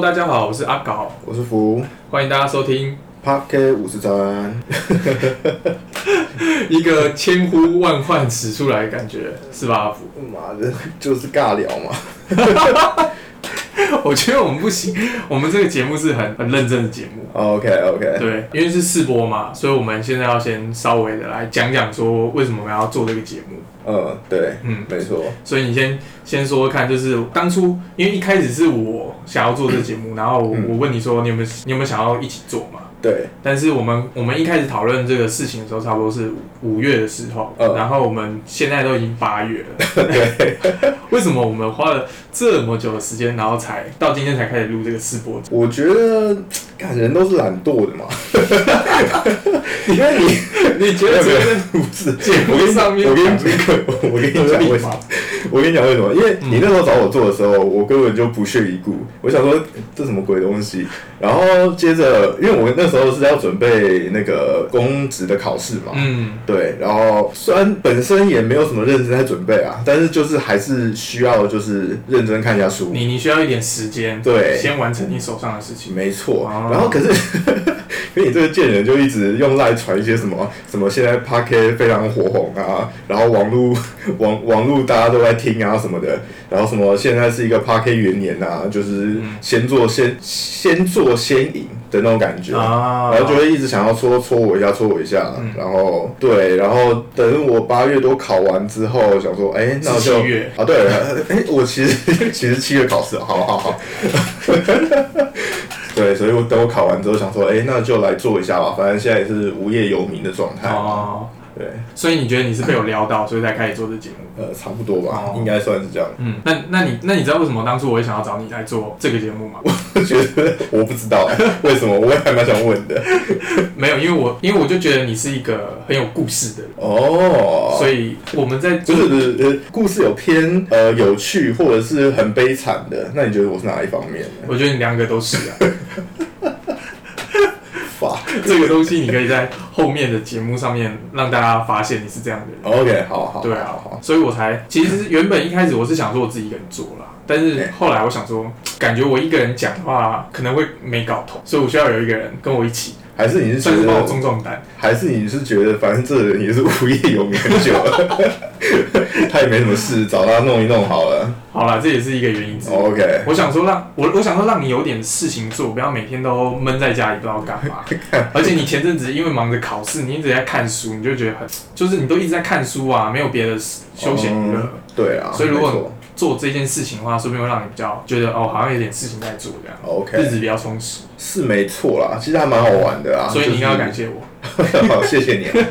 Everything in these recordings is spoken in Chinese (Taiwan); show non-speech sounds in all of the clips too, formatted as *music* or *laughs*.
大家好，我是阿搞，我是福，歡迎大家收聽趴 K 伍飼參， *laughs* *laughs* 一個千呼萬喚始出來的感覺，是吧？福，媽的，就是尬聊嘛。 *laughs* 我覺得我們不行，我們這個節目是很很認真的節目。Oh, OK OK，對，因為是試播嘛，所以我們現在要先稍微的來講講說，為什麼我們要做這個節目。Uh, 嗯，對，嗯，沒錯。所以你先先說說看，就是當初因為一開始是我想要做這個節目， *coughs* 然後我、嗯、我問你說你有沒有你有沒有想要一起做嘛？對，但是我們我們一開始討論這個事情的時候，差不多是五月的時候，嗯、然後我們現在都已經八月了。對， *laughs* 為什麼我們花了這麼久的時間，然後才到今天才開始錄這個試播？我覺得，人都是懶惰的嘛。 *laughs* *laughs* 你看你，你覺得這個錄製進度上面我我，我跟你講，我跟你講，為什麼？ *laughs* 我跟你講為什麼？因為你那時候找我做的時候，嗯，我根本就不屑一顧。我想說，欸，這什麼鬼東西？然後接着，因為我那時候是要準備那個公職的考試嘛，嗯，對。然後雖然本身也沒有什麼認真在準備啊，但是就是還是需要就是認真看一下書。你你需要一點時間，對，先完成你手上的事情。沒錯，然後可是。哦 *laughs* 因為你這個賤人就一直用賴傳一些什麼什麼，現在趴 K 非常火紅啊，然後網絡網網絡大家都在聽啊什麼的，然後什麼現在是一個趴 K 元年啊，就是先做先、嗯、先做先贏的那種感覺啊，好好然後就會一直想要戳戳我一下，戳我一下，嗯、然後對，然後等我八月多考完之後，想說哎、欸，那我就七月啊，對，哎、欸，我其實其實七月考試，好好好。 *laughs* 對，所以我等我考完之後，想說，哎，那就來做一下吧。反正現在也是無業遊民的狀態。哦對，所以你覺得你是被我撩到，所以才開始做這節目？呃，差不多吧，好應該算是這樣。嗯，那那你那你知道為什麼當初我會想要找你來做這個節目嗎？我覺得我不知道 *laughs* 為什麼，我也還蠻想問的。沒有，因為我因為我就覺得你是一個很有故事的人哦，所以我們在就是、就是、故事有偏呃有趣或者是很悲慘的？ *laughs* 那你覺得我是哪一方面呢？我覺得你兩個都是啊。 *laughs* *laughs* 這個東西你可以在後面的節目上面讓大家發現你是這樣的人。OK，好好，好對、啊，對好好，好好。所以我才其實原本一開始我是想說我自己一個人做啦，但是後來我想說，感覺我一個人講的話可能會沒搞頭，所以我需要有一個人跟我一起。還是你是覺得是重還是你是覺得反正這人也是無業遊民久他也沒什麼事，找他弄一弄好了。好了，這也是一個原因。O、oh, K，okay. 我想說讓我我想說讓你有點事情做，不要每天都悶在家裡不知道幹嘛。 *laughs* 而且你前陣子因為忙着考試，你一直在看書，你就覺得很就是你都一直在看書啊，沒有別的休閒娛樂。Um, 對啊，所以如果錯做這件事情的話，說不定會讓你比較覺得哦，好像有點事情在做這樣。O、oh, K，okay. 日子比較充實。是沒錯啦，其實還蠻好玩的啊。所以你應該要感謝我。就是、 *laughs* 好，謝謝你、啊。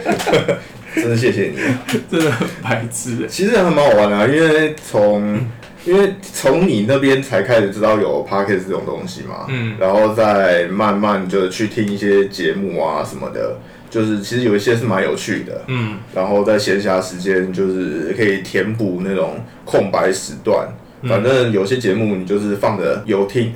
*laughs* 真的謝謝你，真的很白痴。其實還蠻好玩的啊，因為從因為從你那邊才開始知道有 podcast 這種東西嘛，嗯，然後再慢慢就是去聽一些節目啊什麼的，就是其實有一些是蠻有趣的，嗯，然後在閒暇時間就是可以填補那種空白時段。反正有些節目你就是放着有聽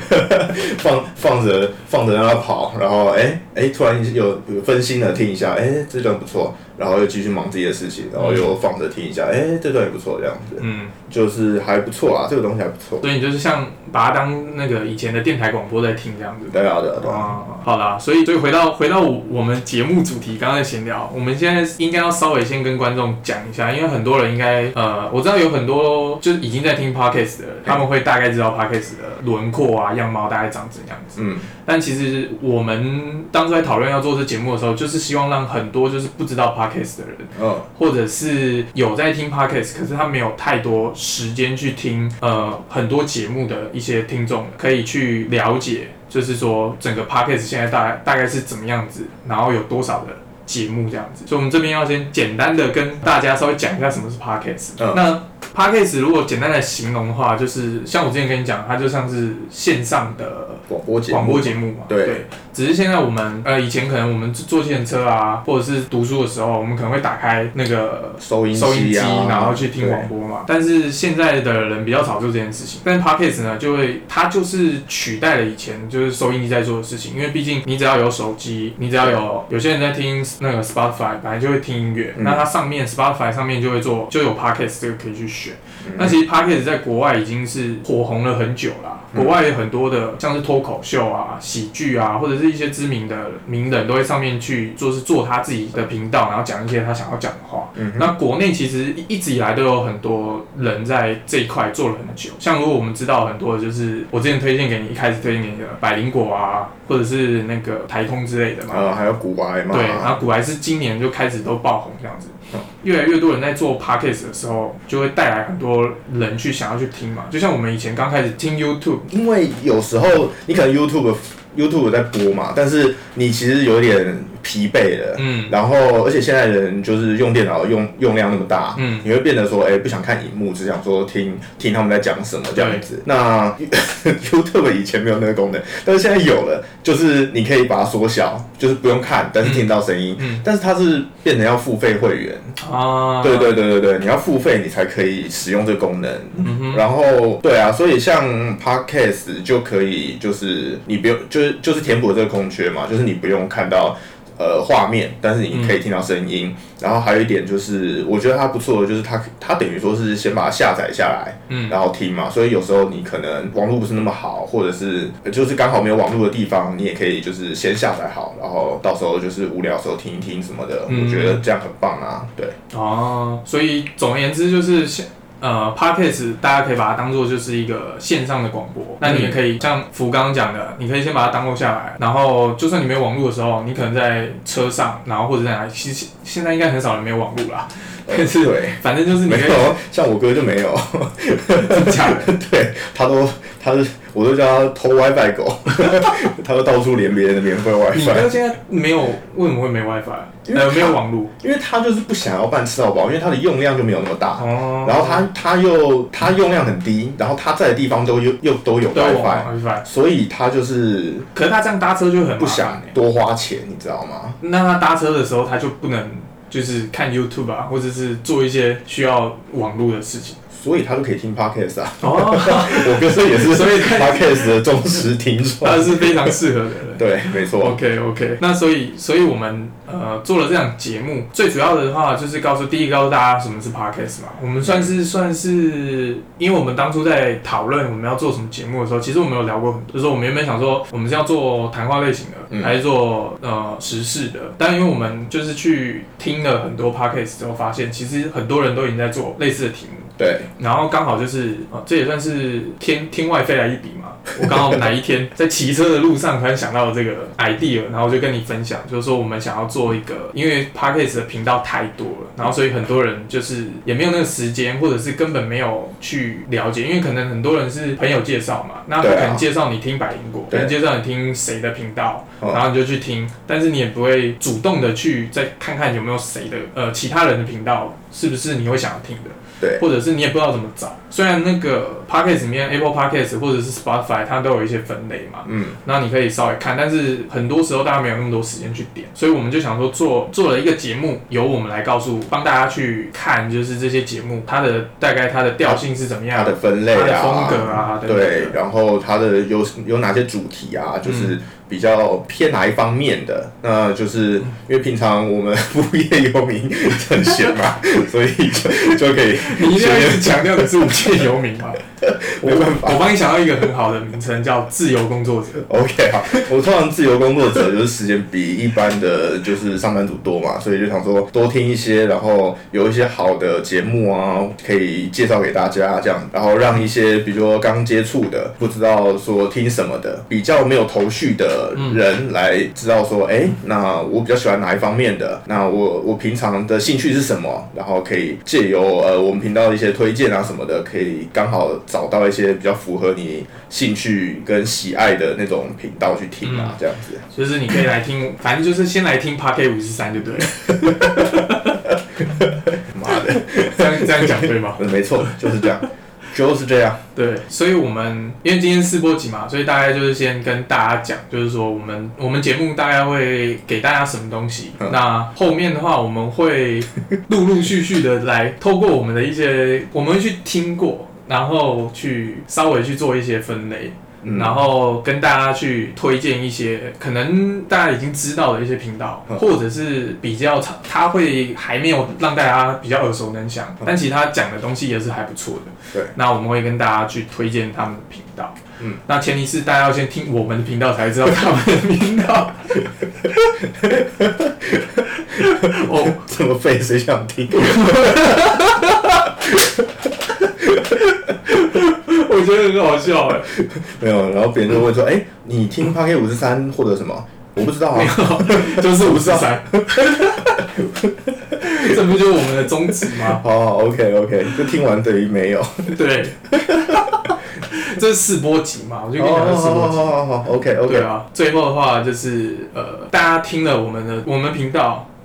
*laughs* 放，放放着放着讓它跑，然後哎哎、欸欸、突然有,有分心的聽一下，哎、欸、這段不錯，然後又繼續忙自己的事情，然後又放着聽一下，哎、欸、這段也不錯，這樣子。嗯。就是還不錯啊，這個東西還不錯。所以你就是像把它當那個以前的電台廣播在聽這樣子。對啊，對啊。哦、啊啊啊，好啦、啊。所以所以回到回到我們節目主題，剛剛在閒聊，我們現在應該要稍微先跟觀眾講一下，因為很多人應該呃，我知道有很多就是、已經在聽 Podcast 的人，他們會大概知道 Podcast 的輪廓啊樣貌大概長怎樣子。嗯。但其實我們當初在討論要做這節目的時候，就是希望讓很多就是不知道 Podcast 的人，嗯、或者是有在聽 Podcast，可是他沒有太多。時間去聽，呃，很多節目的一些聽眾可以去了解，就是說整個 podcast 現在大大概是怎麼樣子，然後有多少的節目這樣子。所以，我們這邊要先簡單的跟大家稍微講一下什麼是 podcast、呃、那 Podcast 如果簡單的形容的話，就是像我之前跟你講，它就像是線上的廣播廣播節目嘛。對，對，只是現在我們呃，以前可能我們坐坐電車啊，或者是讀書的時候，我們可能會打開那個收音收音機、啊，然後去聽廣播嘛。對但是現在的人比較少做這件事情，但是 Podcast 呢，就會，它就是取代了以前就是收音機在做的事情，因為畢竟你只要有手機，你只要有，有些人在聽那個 Spotify，本來就會聽音樂，嗯、那它上面 Spotify 上面就會做，就有 Podcast 這個可以去選。嗯、那其實 Podcast 在國外已經是火紅了很久了，啊，國外很多的像是脫口秀啊、喜劇啊，或者是一些知名的名人都會上面去，做，是做他自己的頻道，然後講一些他想要講的話。嗯、哼那國內其實一直以來都有很多人在這一塊做了很久，像如果我們知道很多的就是我之前推薦給你一開始推薦給你的百靈果啊，或者是那個台通之類的嘛，呃、啊，還有股癌嘛，對，然後股癌是今年就開始都爆紅這樣子。嗯，越來越多人在做 podcast 的時候，就會帶來很多人去想要去聽嘛。就像我們以前剛開始聽 YouTube，因為有時候你可能 YouTube, YouTube，YouTube 在播嘛，但是你其實有點疲憊了，嗯，然後而且現在人就是用電腦用用量那麼大，嗯，你會變得說，哎、欸，不想看螢幕，只想說聽聽他們在講什麼這樣子。嗯、那 *laughs* YouTube 以前沒有那個功能，但是現在有了，就是你可以把它縮小，就是不用看，但是聽到聲音。嗯，嗯，但是它是變成要付費會員啊，對對對對對，你要付費你才可以使用這個功能。嗯哼，然後對啊，所以像 Podcast 就可以，就是你不用，就是就是填補這個空缺嘛，就是你不用看到。呃，畫面，但是你可以聽到聲音，嗯、然後還有一點就是，我覺得它不錯的，就是它它等於說是先把它下載下來，嗯，然後聽嘛，所以有時候你可能網絡不是那麼好，或者是就是剛好沒有網絡的地方，你也可以就是先下載好，然後到時候就是無聊的時候聽一聽什麼的，嗯、我覺得這樣很棒啊，對。哦，所以總而言之就是。呃，Podcast 大家可以把它當做就是一個線上的廣播，那你們可以、嗯、像福剛講的，你可以先把它 download 下來，然後就算你沒有網絡的時候，你可能在車上，然後或者在哪裡，其實現在應該很少人沒有網絡啦。對、呃，是，反正就是你沒有，像我哥就沒有，哈 *laughs* 哈真假的？對，他都，他是。我都叫他偷 WiFi 狗， *laughs* 他都到處連別人的免費 WiFi。Fi, 你哥現在沒有，為什麼會沒 WiFi？呃，沒有網絡，因為他就是不想要辦吃到飽，因為他的用量就沒有那麼大。哦。然後他他又他用量很低，然後他在的地方都又又都有 WiFi。Fi, 有 Fi，所以他就是，可是他這樣搭車就很不想多花錢，你知道嗎？那他搭車的時候，他就不能就是看 YouTube 啊，或者是做一些需要網絡的事情。所以他都可以聽 podcast 啊，哦、 *laughs* 我本身也是 podcast 的忠實聽眾，以 *laughs* 他是非常適合的。對，沒錯。OK OK，那所以，所以我們呃做了這樣節目，最主要的話就是告訴，第一個告訴大家什麼是 podcast 嘛。我們算是算是，因為我們當初在討論我們要做什麼節目的時候，其實我們有聊過很多。就是我們原本想說，我們是要做談話類型的，還是做呃時事的。但因為我們就是去聽了很多 podcast 之後，發現其實很多人都已經在做類似的題目。對，然後剛好就是，哦、這也算是天天外飛來一筆嘛。我剛好哪一天在騎車的路上，突然想到這個 idea，然後我就跟你分享，就是說我們想要做一個，因為 podcast 的頻道太多了，然後所以很多人就是也沒有那個時間，或者是根本沒有去了解，因為可能很多人是朋友介紹嘛，那他可能介紹你聽百靈果，啊、可能介紹你聽誰的頻道，對然後你就去聽，但是你也不會主動的去再看看有沒有誰的，呃，其他人的頻道是不是你會想要聽的。對，或者是你也不知道怎麼找，雖然那個 Podcast 裡面 Apple Podcast 或者是 Spotify 它都有一些分類嘛，嗯，那你可以稍微看，但是很多時候大家沒有那麼多時間去點，所以我們就想說做做了一個節目，由我們來告訴幫大家去看，就是這些節目它的大概它的調性是怎麼樣的，它的分類啊、它的風格啊，對，對，對，然後它的有有哪些主題啊，就是。嗯比較偏哪一方面的？那就是因為平常我們無業遊民很閒嘛，所以就就可以。你現在是強調的是無業遊民嘛？我、啊、我幫你想到一個很好的名稱，叫自由工作者。OK，好，我通常自由工作者，就是時間比一般的就是上班族多嘛，所以就想說多聽一些，然後有一些好的節目啊，可以介紹給大家這樣，然後讓一些比如說剛接觸的不知道說聽什麼的，比較沒有頭緒的。.嗯、人來知道說，哎、欸，那我比較喜歡哪一方面的？那我我平常的興趣是什麼？然後可以借由呃我們頻道的一些推薦啊什麼的，可以剛好找到一些比較符合你興趣跟喜愛的那種頻道去聽啊、嗯、啊，這樣子。就是你可以來聽， *laughs* 反正就是先來聽趴 K 伍飼參就對了。媽 *laughs* *laughs* 媽的 *laughs* 這，這樣這樣講對嗎？沒錯，就是這樣。就是這樣，對。所以，我們因為今天試播集嘛，所以大概就是先跟大家講，就是說我們我們節目大概會給大家什麼東西。嗯。那後面的話，我們會陸陸續續的來，透過我們的一些，我們會去聽過，然後去稍微去做一些分類。嗯、然後跟大家去推薦一些可能大家已經知道的一些頻道，嗯、或者是比較長，他會還沒有讓大家比較耳熟能詳，嗯、但其實他講的東西也是還不錯的。對，那我們會跟大家去推薦他們的頻道。嗯，那前提是大家要先聽我們的頻道，才知道他們的頻道。哦，這麼廢，誰想聽？ *laughs* 我覺得很好笑哎， *laughs* 沒有，然後別人就問說：“哎、欸，你聽 PK 伍飼參，或者什麼？”我不知道啊，就是五四三， *laughs* 這不就是我們的宗旨嗎？ *laughs* 好好 o k OK，就、okay，聽完等於沒有。 *laughs* 對，這是試播集嘛，我就跟你講是試播集。好，好，好，好，OK OK，對啊。最後的話就是呃，大家聽了我們的我們頻道。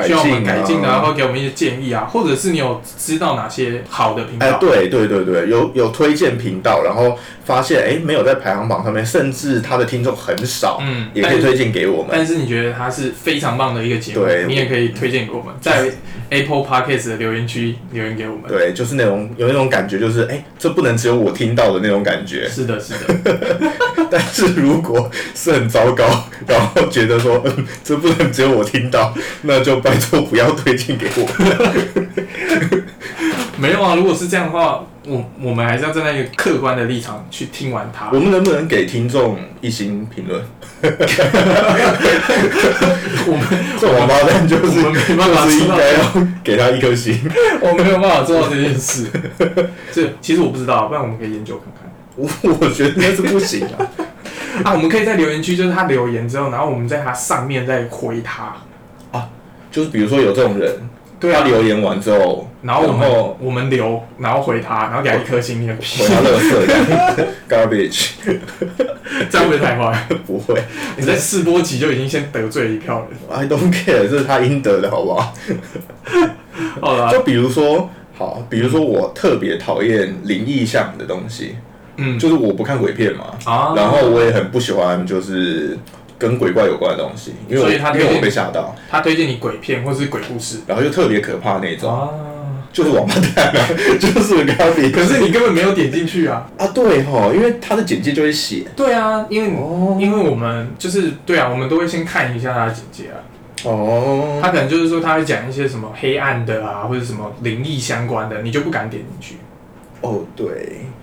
需要我們改進、啊啊、的，然後給我們一些建議啊，或者是你有知道哪些好的頻道？對、欸、對對對，有有推薦頻道，然後發現哎、欸、沒有在排行榜上面，甚至他的聽眾很少，嗯，也可以推薦給我們但。但是你覺得他是非常棒的一個節目，對你也可以推薦給我們，我在 Apple Podcast 的留言區留言給我們。對，就是那種有那種感覺，就是哎、欸，這不能只有我聽到的那種感覺。是的，是的，是的。但是如果是很糟糕，然後覺得說這不能只有我聽到，那就。拜託不要推薦給我！ *laughs* 沒有啊，如果是這樣的話，我我們還是要站在一個客觀的立場去聽完他。我們能不能給聽眾一星評論？ *laughs* *laughs* *laughs* 我們這王八蛋就是沒辦法，只應該要給他一顆星。 *laughs* 我沒有辦法做到這件事。這其實我不知道，不然我們可以研究看看。我我覺得是不行的啊， *laughs* 啊。我們可以在留言區，就是他留言之後，然後我們在他上面再回他。就是比如說有這種人，對啊，他留言完之後，然後我們後我們留，然後回他，然後給他一顆星。「你的屁，回他樂色，garbage，這樣不會太壞？ *laughs* 不會，你在試播期就已經先得罪一票人。I don't care，這是他應得的，好不好？好 *laughs* 了就比如說，好，比如說我特別討厭靈異向的東西，嗯，就是我不看鬼片嘛，啊，然後我也很不喜歡就是。跟鬼怪有關的東西，所以他沒有被嚇到。他推薦你鬼片或是鬼故事，然後又特別可怕那種，就是王八蛋，就是咖啡。可是你根本沒有點進去啊！啊，對哈，因為他的簡介就會寫。對啊，因為因為我們就是對啊，我們都會先看一下他的簡介啊。哦。他可能就是說他會講一些什麼黑暗的啊，或者什麼靈異相關的，你就不敢點進去。哦，對。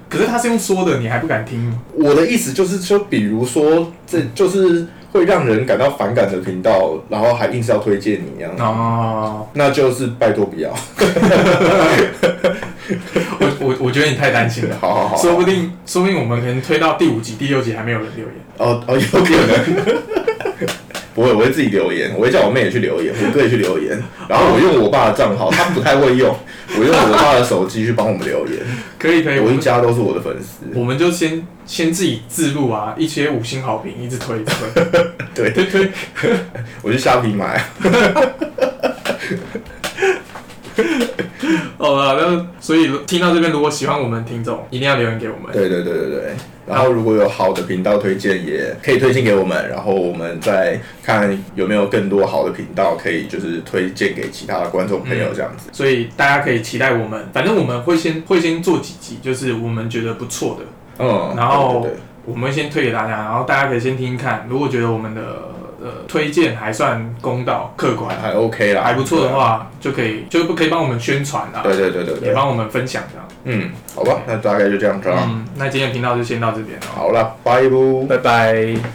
可是他是用說的，你還不敢聽？我的意思就是，說，比如說，這就是。會讓人感到反感的頻道，然後還硬是要推薦你一樣，oh。那就是拜託不要。 *laughs* *laughs* 我我我覺得你太擔心了， *laughs* 好好好，說不定說不定我們可能推到第五集、第六集還沒有人留言，哦哦、oh, oh，有可能 *laughs* 不會，我會自己留言，我會叫我妹也去留言，我哥也去留言，然後我用我爸的賬號， *laughs* 他不太會用，我用我爸的手機去幫我們留言。可以可以，可以，我一家都是我的粉絲。我們就先先自己自錄啊，一些五星好評，一直推一直推， *laughs* 對對對， *laughs* 我就蝦皮買。 *laughs* *laughs* 好了，那所以聽到這邊，如果喜歡我們，聽眾一定要留言給我們。對對對對對。然後如果有好的頻道推薦，也可以推薦給我們，然後我們再看有沒有更多好的頻道可以就是推薦給其他的觀眾朋友這樣子。嗯，所以大家可以期待我們，反正我們會先會先做幾集，就是我們覺得不錯的。嗯，然後我們會先推給大家，然後大家可以先聽聽看，如果覺得我們的。推薦還算公道、客觀，還 OK 啦，還不錯的話就可以，啊、就不可以幫我們宣傳啦，對，對對對對，也幫我們分享，這樣。嗯，好吧，對那大概就這樣子啦。嗯，那今天的頻道就先到這邊了。好了，拜拜。拜拜。